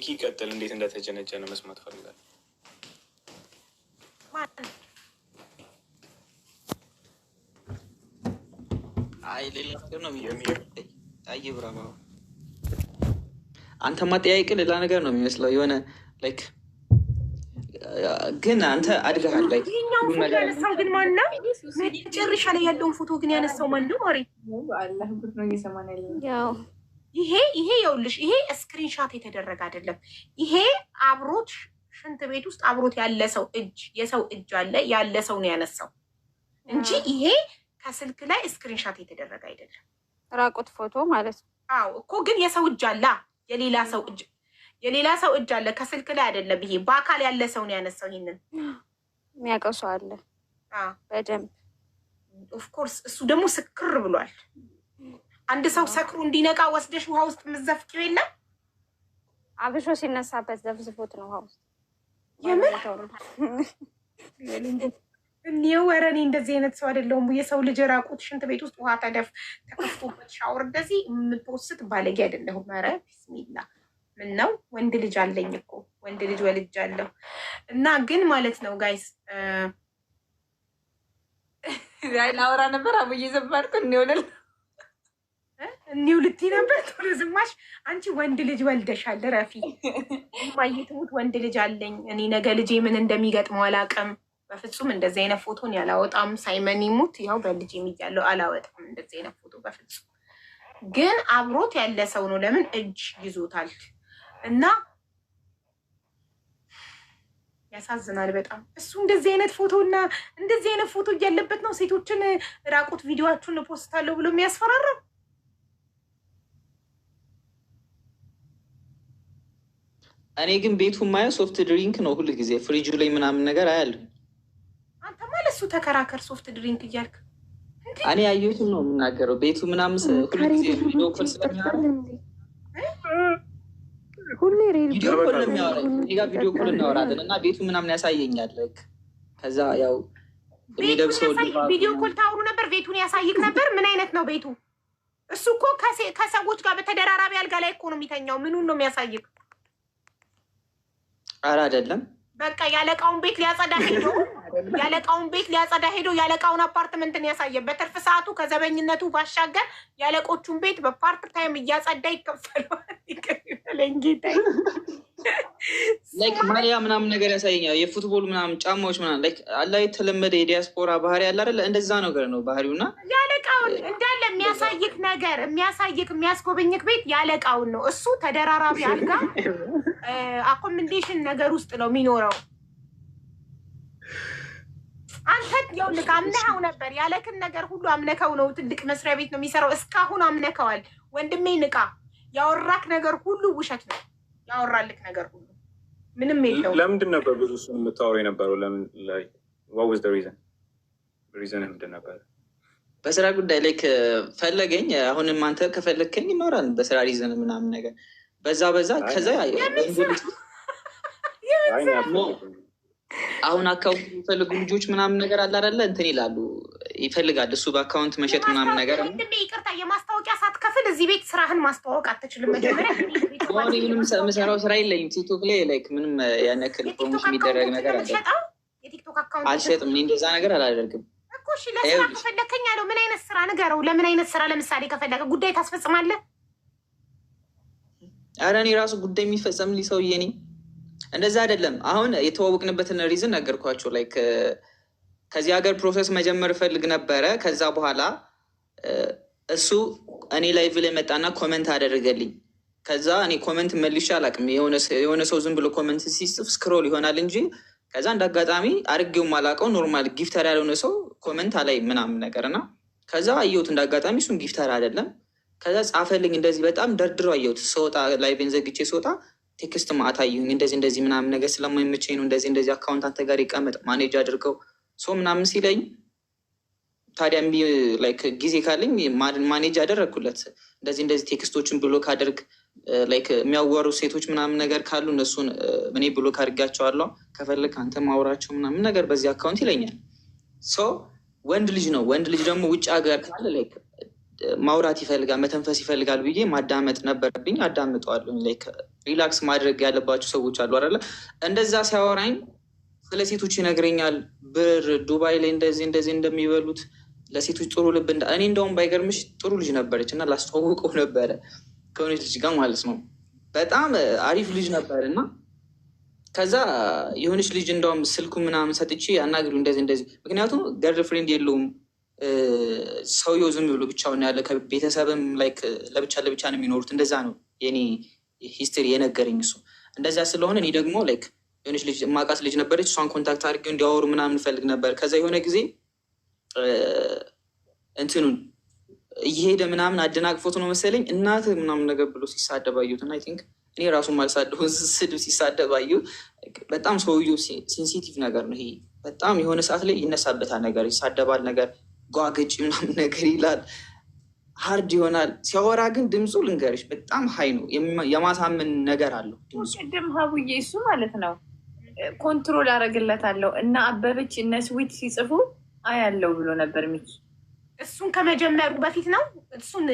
ሚኪ ይቀጥል። እንዴት እንደተጀነጀነ መስማት ፈልጋል። አይ ሌላ ነገር ነው የሚለው። አንተ ማጠያየቅ ሌላ ነገር ነው የሚመስለው። የሆነ ላይክ ግን አንተ አድገሃል። ላይክ ያነሳው ግን ማን ነው? መጨረሻ ላይ ያለውን ፎቶ ግን ያነሳው ማን ነው? ያው ይሄ ይሄ የውልሽ ይሄ ስክሪንሻት የተደረገ አይደለም። ይሄ አብሮት ሽንት ቤት ውስጥ አብሮት ያለ ሰው እጅ የሰው እጅ አለ ያለ ሰው ነው ያነሳው እንጂ ይሄ ከስልክ ላይ ስክሪንሻት የተደረገ አይደለም። ራቁት ፎቶ ማለት ነው። አዎ እኮ ግን የሰው እጅ አለ፣ የሌላ ሰው እጅ የሌላ ሰው እጅ አለ። ከስልክ ላይ አይደለም። ይሄ በአካል ያለ ሰው ነው ያነሳው። ይሄንን የሚያውቀው አለ በደንብ ኦፍኮርስ። እሱ ደግሞ ስክር ብሏል። አንድ ሰው ሰክሩ እንዲነቃ ወስደሽ ውሃ ውስጥ የምትዘፍቂው የለ አብሾ ሲነሳበት ዘፍዝፎት ነው ውሃ ውስጥ የምን እኔው ኧረ እንደዚህ አይነት ሰው አይደለሁም። የሰው ልጅ ራቁት ሽንት ቤት ውስጥ ውሃ ተደፍ ተከፍቶበት ሻወር እንደዚህ የምትወስድ ባለጌ አይደለሁም። ኧረ ቢስሚላ ምን ነው ወንድ ልጅ አለኝ እኮ ወንድ ልጅ ወልጅ አለሁ እና ግን ማለት ነው ጋይስ ላወራ ነበር አብዬ ዘባድኩ እንሆንል እኒው ልቲ ነበር ቶሎ ዝማሽ። አንቺ ወንድ ልጅ ወልደሻል፣ ረፊ ማየትሙት ወንድ ልጅ አለኝ እኔ ነገ ልጄ ምን እንደሚገጥመው አላውቅም። በፍጹም እንደዚህ አይነት ፎቶን ያላወጣም። ሳይመን ይሙት ያው በልጅ የሚያለው አላወጣም። እንደዚህ አይነት ፎቶ በፍጹም ግን አብሮት ያለ ሰው ነው። ለምን እጅ ይዞታል እና ያሳዝናል በጣም እሱ እንደዚህ አይነት ፎቶ እና እንደዚህ አይነት ፎቶ እያለበት ነው ሴቶችን ራቁት ቪዲዮችሁን እፖስታለሁ ብሎ የሚያስፈራራው። እኔ ግን ቤቱ ማየው ሶፍት ድሪንክ ነው ሁል ጊዜ ፍሪጁ ላይ ምናምን ነገር አያለሁ። አንተ ማለት እሱ ተከራከር ሶፍት ድሪንክ እያልክ እኔ ያየሁትን ነው የምናገረው። ቤቱ ምናምን ቪዲዮ ኮል እናወራለን እና ቤቱ ምናምን ያሳየኛል። ከዛ ያው ቪዲዮ ኮል ታወሩ ነበር፣ ቤቱን ያሳይክ ነበር። ምን አይነት ነው ቤቱ? እሱ እኮ ከሰዎች ጋር በተደራራቢ አልጋ ላይ እኮ ነው የሚተኛው። ምኑን ነው የሚያሳይክ? ኧረ አይደለም። በቃ ያለቃውን ቤት ሊያጸዳ ሄዶ ያለቃውን ቤት ሊያጸዳ ሄዶ ያለቃውን አፓርትመንትን ያሳየ። በትርፍ ሰዓቱ ከዘበኝነቱ ባሻገር ያለቆቹን ቤት በፓርት ታይም እያጸዳ ይከፈለዋል። ጌታ ማሊያ ምናምን ነገር ያሳየኛል። የፉትቦል ምናምን ጫማዎች ምናምን አላ የተለመደ የዲያስፖራ ባህሪ ያለ አይደለ? እንደዛ ነገር ነው ባህሪውና ያለቃውን እንዳለ የሚያሳይክ ነገር የሚያሳይክ የሚያስጎበኝክ ቤት ያለቃውን ነው። እሱ ተደራራቢ አልጋ አኮመንዴሽን ነገር ውስጥ ነው የሚኖረው። አንተን ይኸውልህ አምነኸው ነበር ያለክን ነገር ሁሉ አምነከው ነው። ትልቅ መስሪያ ቤት ነው የሚሰራው። እስካሁን አምነከዋል። ወንድሜ ንቃ። ያወራክ ነገር ሁሉ ውሸት ነው። ያወራልክ ነገር ሁሉ ምንም የለው። ለምንድን ነበር ብዙ እሱን የምታወሩ የነበረው? ለምን ላይ ዋውዝ ሪዘን ሪዘን ምንድን ነበር? በስራ ጉዳይ ላይ ፈለገኝ። አሁንም አንተ ከፈለግከኝ ይኖራል በስራ ሪዘን ምናምን ነገር በዛ በዛ ከዛ አሁን አካውንት የሚፈልጉ ልጆች ምናምን ነገር አለ አይደለ? እንትን ይላሉ ይፈልጋል እሱ በአካውንት መሸጥ ምናምን ነገር ይቅርታ፣ የማስታወቂያ ሳትከፍል እዚህ ቤት ስራህን ማስተዋወቅ አትችልም። መጀመሪያ ምንም የምሰራው ስራ የለኝም። ቲክቶክ ላይ ላይክ ምንም ያን ያክል ፕሮሞሽን የሚደረግ ነገር አለ አልሸጥም። እንደዛ ነገር አላደርግም። እሺ፣ ለስራ ከፈለከኝ ያለው ምን አይነት ስራ ንገረው። ለምን አይነት ስራ ለምሳሌ ከፈለገ ጉዳይ ታስፈጽማለህ ኧረ እኔ ራሱ ጉዳይ የሚፈጸም ሊሰው ነኝ። እንደዛ አይደለም። አሁን የተዋወቅንበትን ሪዝን ነገርኳቸው። ላይ ከዚህ ሀገር ፕሮሰስ መጀመር እፈልግ ነበረ። ከዛ በኋላ እሱ እኔ ላይ ላይ መጣና ኮመንት አደረገልኝ። ከዛ እኔ ኮመንት መልሻ አላቅም የሆነ ሰው ዝም ብሎ ኮመንት ሲጽፍ ስክሮል ይሆናል እንጂ ከዛ እንደ አጋጣሚ አርጌው ማላቀው ኖርማል ጊፍተር ያልሆነ ሰው ኮመንት አላይ ምናምን ነገር እና ከዛ አየሁት እንደ አጋጣሚ እሱም ጊፍተር አይደለም ከዛ ጻፈልኝ እንደዚህ በጣም ደርድሮ አየሁት። ስወጣ ቤን ዘግቼ ስወጣ ቴክስት ማታ አየሁኝ። እንደዚህ እንደዚህ ምናምን ነገር ስለማይመቸኝ ነው እንደዚህ እንደዚህ አካውንት አንተ ጋር ይቀመጥ ማኔጅ አድርገው ሶ ምናምን ሲለኝ ታዲያ ላይክ ጊዜ ካለኝ ማኔጅ አደረግኩለት። እንደዚህ እንደዚህ ቴክስቶችን ብሎክ አድርግ ላይክ የሚያወሩ ሴቶች ምናምን ነገር ካሉ እነሱን እኔ ብሎክ አድርጋቸዋለሁ ከፈለግ አንተ ማውራቸው ምናምን ነገር በዚህ አካውንት ይለኛል። ሶ ወንድ ልጅ ነው። ወንድ ልጅ ደግሞ ውጭ ሀገር ካለ ላይክ ማውራት ይፈልጋል፣ መተንፈስ ይፈልጋል ብዬ ማዳመጥ ነበረብኝ። አዳምጠዋለሁ። ሪላክስ ማድረግ ያለባቸው ሰዎች አሉ አለ እንደዛ ሲያወራኝ ስለ ሴቶች ይነግረኛል። ብር ዱባይ ላይ እንደዚህ እንደዚህ እንደሚበሉት ለሴቶች ጥሩ ልብ እንዳ እኔ እንደውም ባይገርምሽ ጥሩ ልጅ ነበረች እና ላስተዋውቀው ነበረ ከሆነች ልጅ ጋር ማለት ነው። በጣም አሪፍ ልጅ ነበር እና ከዛ የሆነች ልጅ እንደውም ስልኩ ምናምን ሰጥቼ አናግሪው እንደዚህ እንደዚህ ምክንያቱም ገርል ፍሬንድ የለውም ሰውየው ዝም ብሎ ብቻውን ያለ ከቤተሰብም ላይ ለብቻ ለብቻ ነው የሚኖሩት። እንደዛ ነው የኔ ሂስትሪ የነገረኝ እሱ። እንደዛ ስለሆነ እኔ ደግሞ ላይክ የሆነች ልጅ ማቃት ልጅ ነበረች። እሷን ኮንታክት አድርጌው እንዲያወሩ ምናምን ፈልግ ነበር። ከዛ የሆነ ጊዜ እንትኑን እየሄደ ምናምን አደናቅፎት ነው መሰለኝ እናት ምናምን ነገር ብሎ ሲሳደብ አየሁት አይ ቲንክ እኔ ራሱ ማልሳደሁ ስድብ ሲሳደብ አየሁ። በጣም ሰውየው ሴንሲቲቭ ነገር ነው ይሄ። በጣም የሆነ ሰዓት ላይ ይነሳበታል ነገር ይሳደባል ነገር ጓገጭ ምናምን ነገር ይላል፣ ሀርድ ይሆናል። ሲያወራ ግን ድምፁ ልንገርሽ በጣም ሀይ ነው፣ የማሳመን ነገር አለው። ቅድም ሀቡዬ እሱ ማለት ነው ኮንትሮል አደርግለታለሁ እና አበበች እነ ስዊት ሲጽፉ አያለው ብሎ ነበር ሚኪ እሱን ከመጀመሩ በፊት ነው። እሱን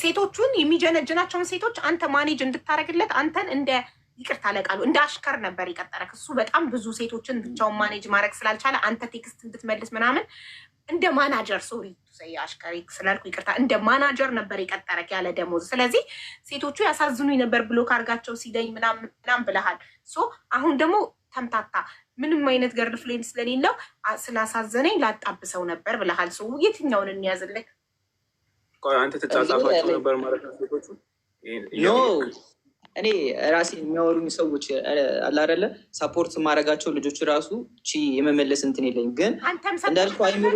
ሴቶቹን የሚጀነጅናቸውን ሴቶች አንተ ማኔጅ እንድታደረግለት አንተን እንደ ይቅርታ ለቃሉ እንደ አሽከር ነበር የቀጠረክ። እሱ በጣም ብዙ ሴቶችን ብቻውን ማኔጅ ማድረግ ስላልቻለ አንተ ቴክስት እንድትመልስ ምናምን እንደ ማናጀር ሶሪ አሽከሪ ስላልኩ ይቅርታ፣ እንደ ማናጀር ነበር የቀጠረክ ያለ ደሞዝ። ስለዚህ ሴቶቹ ያሳዝኑኝ ነበር ብሎ ካርጋቸው ሲለኝ ምናምን ብለሃል። ሶ አሁን ደግሞ ተምታታ ምንም አይነት ገርል ፍሬንድ ስለሌለው ስላሳዘነኝ ላጣብሰው ነበር ብለሃል። ሰው የትኛውን እንያዝልህ? አንተ ተጻጻፋቸው ነበር ማለት ነው ሴቶቹ እኔ ራሴ የሚያወሩኝ ሰዎች አላረለ ሳፖርት ማድረጋቸው ልጆች ራሱ ቺ የመመለስ እንትን የለኝ፣ ግን እንዳልኩ አይምሮ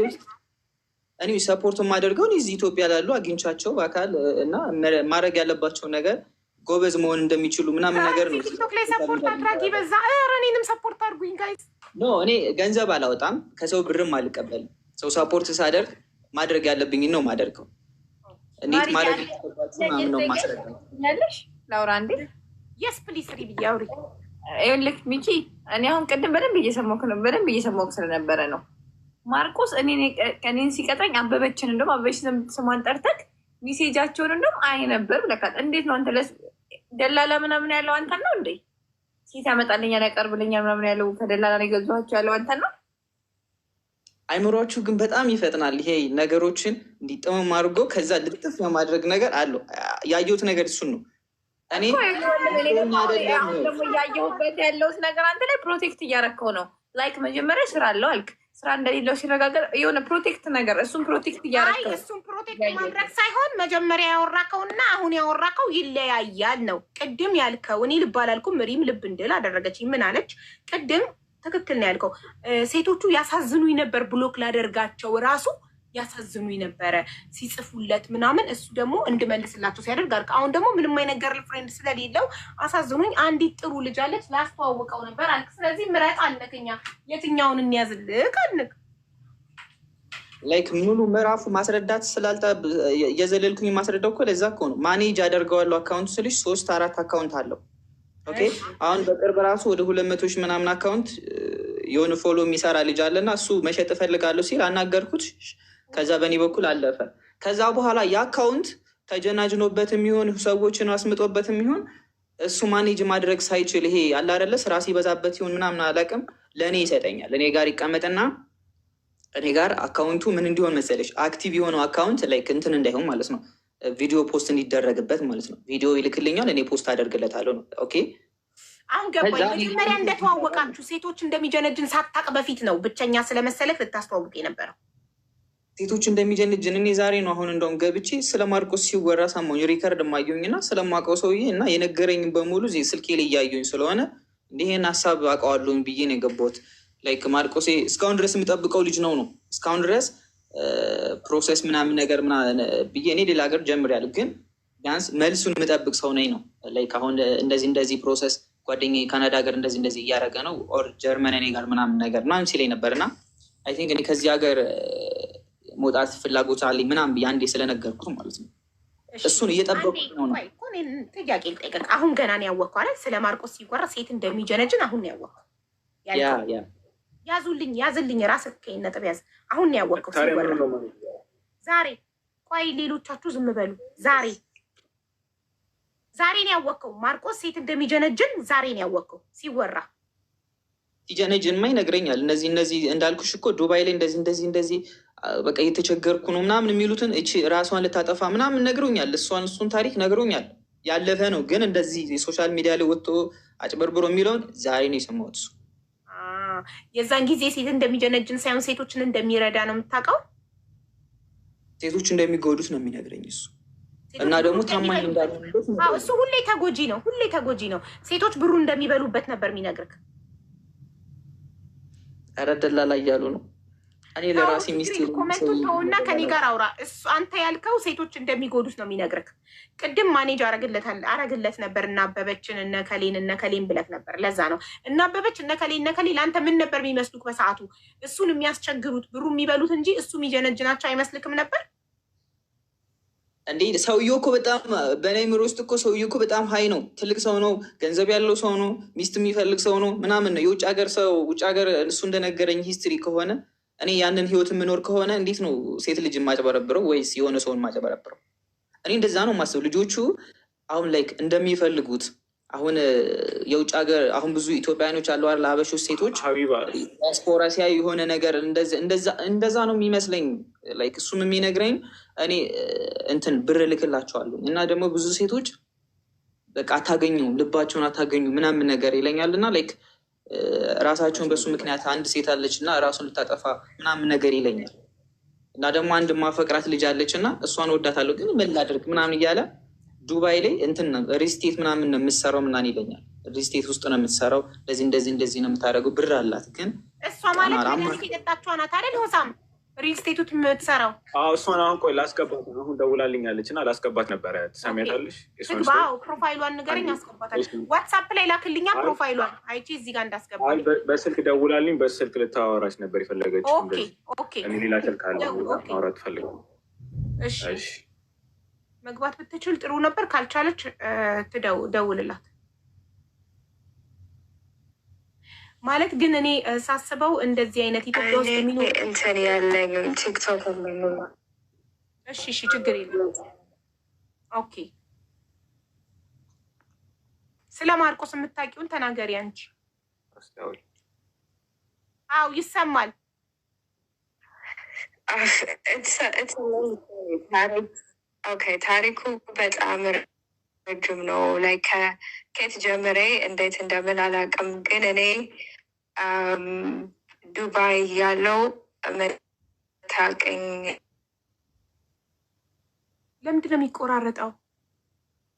እኔ ሰፖርት የማደርገውን እዚህ ኢትዮጵያ ላሉ አግኝቻቸው በአካል እና ማድረግ ያለባቸው ነገር ጎበዝ መሆን እንደሚችሉ ምናምን ነገር ነው። ቲክቶክ ላይ ሰፖርት አድራጊ በዛ። ኧረ እኔንም ሰፖርት አድርጉኝ ጋይስ። ኖ እኔ ገንዘብ አላወጣም፣ ከሰው ብርም አልቀበልም። ሰው ሳፖርት ሳደርግ ማድረግ ያለብኝ ነው ማደርገው። እንዴት ማድረግ ነው ማስረዳት ላውራ እንዴ? የስ ፕሊስ ሪ ብዬ አውሪ። ይኸውልህ ሚኪ፣ እኔ አሁን ቅድም በደንብ እየሰማሁህ ነው፣ በደንብ እየሰማሁህ ስለነበረ ነው። ማርቆስ እኔን ሲቀጠኝ አበበችን እንደም አበበች ስሟን ጠርተህ ሚሴጃቸውን እንደም አይ ነበር እንዴት ነው አንተ ደላላ ምናምን ያለው አንተ ነው እንዴ? ሴት ያመጣልኛል ያቀርብልኛል ምናምን ያለው ከደላላ ነው የገዛኋቸው ያለው አንተን ነው። አይምሯችሁ ግን በጣም ይፈጥናል። ይሄ ነገሮችን እንዲጥምም አድርጎ ከዛ ልጥፍ የማድረግ ነገር አለው። ያየሁት ነገር እሱን ነው። እኔ ደግሞ እያየሁበት ነገር አንተ ላይ ፕሮቴክት እያረከው ነው። ላይክ መጀመሪያ ስራ አለው አልክ። ስራ እንደሌለው ሲረጋገጥ የሆነ ፕሮቴክት ነገር እሱን ፕሮቴክት እያረከው እሱን ፕሮቴክት ማድረግ ሳይሆን መጀመሪያ ያወራከው እና አሁን ያወራከው ይለያያል ነው። ቅድም ያልከው እኔ ልብ አላልኩም፣ ልብ እንድል አደረገች። ምን አለች ቅድም? ትክክል ነው ያልከው። ሴቶቹ ያሳዝኑኝ ነበር ብሎክ ላደርጋቸው ራሱ ያሳዝኑኝ ነበረ ሲጽፉለት ምናምን እሱ ደግሞ እንድመልስላቸው ሲያደርግ አርቅ አሁን ደግሞ ምንም አይነገር ፍሬንድ ስለሌለው አሳዝኑኝ። አንዲት ጥሩ ልጅ አለች ላስተዋውቀው ነበር አልክ። ስለዚህ ምረጥ አለክኛ የትኛውን እንያዝልክ አልክ። ላይክ ሙሉ ምዕራፉ ማስረዳት ስላልታ የዘለልኩኝ የማስረዳው እኮ ለዛ ከሆኑ ማኔጅ አደርገዋለሁ አካውንት ስልሽ ሶስት አራት አካውንት አለው። ኦኬ አሁን በቅርብ ራሱ ወደ ሁለት መቶ ሺህ ምናምን አካውንት የሆነ ፎሎ የሚሰራ ልጅ አለና እሱ መሸጥ እፈልጋለሁ ሲል አናገርኩት። ከዛ በእኔ በኩል አለፈ። ከዛ በኋላ የአካውንት ተጀናጅኖበት የሚሆን ሰዎችን አስምጦበት የሚሆን እሱ ማኔጅ ማድረግ ሳይችል ይሄ አላደለ አይደለ ስራ ሲበዛበት ሲሆን ምናምን አላውቅም፣ ለእኔ ይሰጠኛል። እኔ ጋር ይቀመጥና እኔ ጋር አካውንቱ ምን እንዲሆን መሰለሽ አክቲቭ የሆነው አካውንት ላይክ እንትን እንዳይሆን ማለት ነው፣ ቪዲዮ ፖስት እንዲደረግበት ማለት ነው። ቪዲዮ ይልክልኛል፣ እኔ ፖስት አደርግለታለሁ ነው። ኦኬ አሁን ገባኝ። መጀመሪያ እንደተዋወቃችሁ ሴቶች እንደሚጀነጅን ሳታቅ በፊት ነው ብቸኛ ስለመሰለክ ልታስተዋውቅ የነበረው ሴቶች እንደሚጀንጅን እኔ ዛሬ ነው አሁን እንደውም ገብቼ ስለ ማርቆስ ሲወራ ሰማሁኝ። ሪከርድ ማየኝ ና ስለማውቀው ሰውዬ እና የነገረኝ በሙሉ ስልኬ ላይ እያየኝ ስለሆነ እንዲህን ሀሳብ አውቀዋለሁኝ ብዬ ነው የገባሁት። ላይክ ማርቆሴ እስካሁን ድረስ የምጠብቀው ልጅ ነው ነው እስካሁን ድረስ ፕሮሰስ ምናምን ነገር ብዬ እኔ ሌላ ሀገር ጀምሬያለሁ፣ ግን ቢያንስ መልሱን የምጠብቅ ሰው ነኝ ነው ላይክ አሁን እንደዚህ እንደዚህ ፕሮሰስ ጓደኛ ካናዳ ሀገር እንደዚህ እንደዚህ እያደረገ ነው ኦር ጀርመን እኔ ጋር ምናምን ነገር ምናምን ሲለኝ ነበር እና አይ ቲንክ እኔ ከዚህ ሀገር መውጣት ፍላጎት አለኝ ምናምን ብዬ አንዴ ስለነገርኩት ማለት ነው። እሱን እየጠበቁ ጥያቄ ልጠይቅህ። አሁን ገና ነው ያወቅኩ አለ ስለ ማርቆስ ሲወራ ሴት እንደሚጀነጅን አሁን ነው ያወቅኩ። ያዙልኝ ያዝልኝ ራስ ነጥብ ያዝ። አሁን ነው ያወቅኩ ሲወራ ዛሬ። ቆይ ሌሎቻችሁ ዝም በሉ። ዛሬ ዛሬ ነው ያወቅከው ማርቆስ ሴት እንደሚጀነጅን ዛሬ ነው ያወቅከው ሲወራ ሲጀነጅን ማ ይነግረኛል። እነዚህ እነዚህ እንዳልኩሽ እኮ ዱባይ ላይ እንደዚህ እንደዚህ እንደዚህ በቃ እየተቸገርኩ ነው ምናምን የሚሉትን እቺ ራሷን ልታጠፋ ምናምን ነግሮኛል። እሷን እሱን ታሪክ ነግሮኛል። ያለፈ ነው። ግን እንደዚህ የሶሻል ሚዲያ ላይ ወጥቶ አጭበርብሮ የሚለውን ዛሬ ነው የሰማሁት። እሱ የዛን ጊዜ ሴት እንደሚጀነጅን ሳይሆን ሴቶችን እንደሚረዳ ነው የምታውቀው። ሴቶች እንደሚጎዱት ነው የሚነግረኝ እሱ እና ደግሞ ታማኝ እንዳለ እሱ ሁሌ ተጎጂ ነው፣ ሁሌ ተጎጂ ነው። ሴቶች ብሩ እንደሚበሉበት ነበር የሚነግርህ። ኧረ ደላላ እያሉ ነው እኔ ለራሴ ሚስቴር ኮመንቱን ተውና ከኔ ጋር አውራ። እሱ አንተ ያልከው ሴቶች እንደሚጎዱት ነው የሚነግርህ። ቅድም ማኔጅ አረግለት ነበር እናበበችን እነከሌን እነከሌን ብለት ነበር። ለዛ ነው እናበበች እነከሌ እነከሌ ለአንተ ምን ነበር የሚመስሉት በሰዓቱ? እሱን የሚያስቸግሩት ብሩ የሚበሉት እንጂ እሱ የሚጀነጅናቸው አይመስልክም ነበር እንዴ? ሰውየው እኮ በጣም በእኔ ምሮ ውስጥ እኮ ሰውየው እኮ በጣም ሀይ ነው። ትልቅ ሰው ነው፣ ገንዘብ ያለው ሰው ነው፣ ሚስት የሚፈልግ ሰው ነው ምናምን ነው። የውጭ ሀገር ሰው ውጭ ሀገር እሱ እንደነገረኝ ሂስትሪ ከሆነ እኔ ያንን ህይወት የምኖር ከሆነ እንዴት ነው ሴት ልጅ የማጨበረብረው ወይስ የሆነ ሰውን ማጨበረብረው? እኔ እንደዛ ነው ማስበው ልጆቹ አሁን ላይክ እንደሚፈልጉት አሁን የውጭ ሀገር አሁን ብዙ ኢትዮጵያኖች አሉ አይደል? ሀበሾች ሴቶች ዲያስፖራ ሲያዩ የሆነ ነገር እንደዛ ነው የሚመስለኝ። ላይክ እሱም የሚነግረኝ እኔ እንትን ብር ልክላቸዋሉ እና ደግሞ ብዙ ሴቶች በቃ አታገኙ ልባቸውን አታገኙ ምናምን ነገር ይለኛል እና ላይክ ራሳቸውን በሱ ምክንያት አንድ ሴት አለች እና ራሱን ልታጠፋ ምናምን ነገር ይለኛል እና ደግሞ አንድ ማፈቅራት ልጅ አለች እና እሷን ወዳታለሁ ግን ምን ምናምን እያለ ዱባይ ላይ እንትን ሪስቴት ምናምን ነው የምትሰራው ምናምን ይለኛል። ሪስቴት ውስጥ ነው የምትሰራው፣ እንደዚህ እንደዚህ እንደዚህ ነው የምታደርገው፣ ብር አላት ግን እሷ ማለት ሆሳም ሪል ስቴቱት አዎ እሷን አሁን ቆይ ላስገባት። አሁን ደውላልኛለች እና ላስገባት ነበረ። ትሰሚያታለሽ? ፕሮፋይሏን ንገረኝ፣ አስገባታለሁ። ዋትሳፕ ላይ ላክልኛ ፕሮፋይሏን አይቼ እዚህ ጋር እንዳስገባ። በስልክ ደውላልኝ፣ በስልክ ልታወራች ነበር የፈለገች። እኔ ሌላ ስልክ አለ ማውራት ፈልገ። መግባት ብትችል ጥሩ ነበር፣ ካልቻለች ደውልላት። ማለት ግን እኔ ሳስበው እንደዚህ አይነት ኢትዮጵያ ውስጥ የሚኖር እንትን ያለኝ ቲክቶክ እሺ፣ እሺ፣ ችግር የለም ኦኬ። ስለ ማርቆስ የምታውቂውን ተናገሪ አንቺ። አው ይሰማል ታሪኩ በጣም ረጅም ነው። ላይ ከኬት ጀምሬ እንዴት እንደምን አላውቅም ግን እኔ ዱባይ ያለው መታቀኝ ለምንድን ነው የሚቆራረጠው?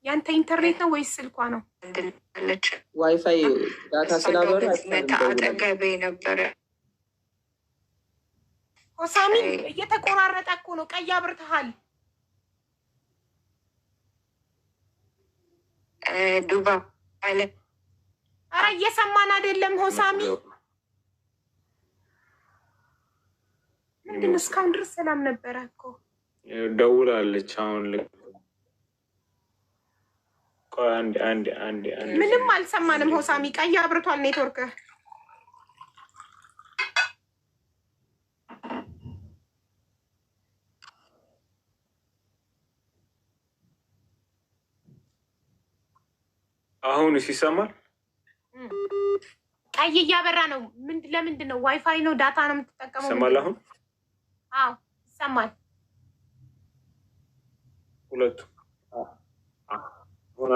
ያንተ ኢንተርኔት ነው ወይስ ስልኳ ነው? ንድለች ዋይፋይ ዳታ አጠገቤ ነበረ። ሆሳሚ እየተቆራረጠ እኮ ነው። ቀይ አብርተሃል። አለ አረ እየሰማን አይደለም ሆሳሚ ምንድን እስካሁን ድረስ ሰላም ነበረ እኮ ደውላለች አሁን ምንም አልሰማንም ሆሳሚ ቀይ አብርቷል ኔትወርክ አሁን ይሰማል ቀይ እያበራ ነው። ለምንድን ነው? ዋይፋይ ነው? ዳታ ነው የምትጠቀመው? ይሰማል? አሁን አዎ፣ ይሰማል። ሁለቱ አሁን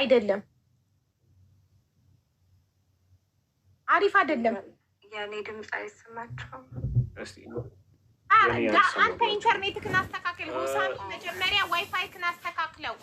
አይደለም፣ አሪፍ አይደለም። የኔ ድምፅ አይሰማችሁም? አንተ ኢንተርኔትህን አስተካክል። ሆሳሚ መጀመሪያ ዋይፋይህን አስተካክለው።